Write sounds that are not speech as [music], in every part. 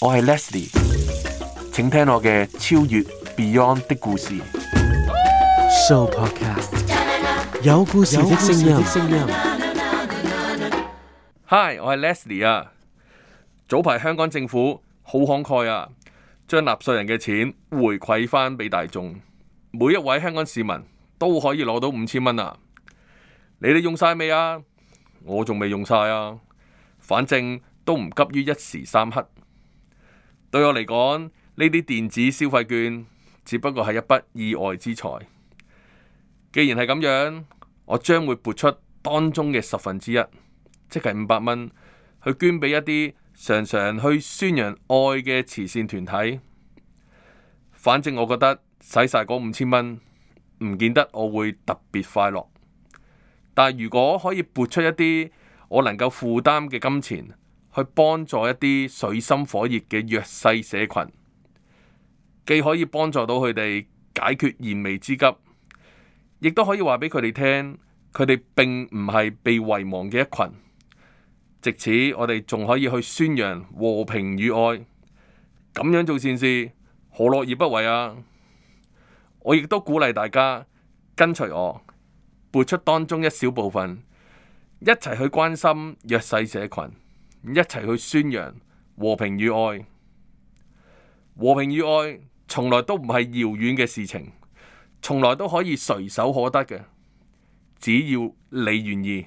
我係 Leslie，請聽我嘅超越 Beyond 的故事。Podcast, 有故事的聲音。Hi，我係 Leslie 啊。早排香港政府好慷慨啊，將納稅人嘅錢回饋翻俾大眾，每一位香港市民都可以攞到五千蚊啊，你哋用晒未啊？我仲未用晒啊，反正都唔急於一時三刻。對我嚟講，呢啲電子消費券只不過係一筆意外之財。既然係咁樣，我將會撥出當中嘅十分之一，即係五百蚊，去捐俾一啲常常去宣揚愛嘅慈善團體。反正我覺得使晒嗰五千蚊，唔見得我會特別快樂。但如果可以撥出一啲我能夠負擔嘅金錢，去幫助一啲水深火熱嘅弱勢社群，既可以幫助到佢哋解決燃眉之急，亦都可以話俾佢哋聽，佢哋並唔係被遺忘嘅一群。藉此，我哋仲可以去宣揚和平與愛，咁樣做善事何樂而不為啊？我亦都鼓勵大家跟隨我，撥出當中一小部分，一齊去關心弱勢社群。一齊去宣揚和平與愛。和平與愛從來都唔係遙遠嘅事情，從來都可以隨手可得嘅，只要你願意。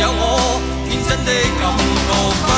有我天真的感覺。 [noise]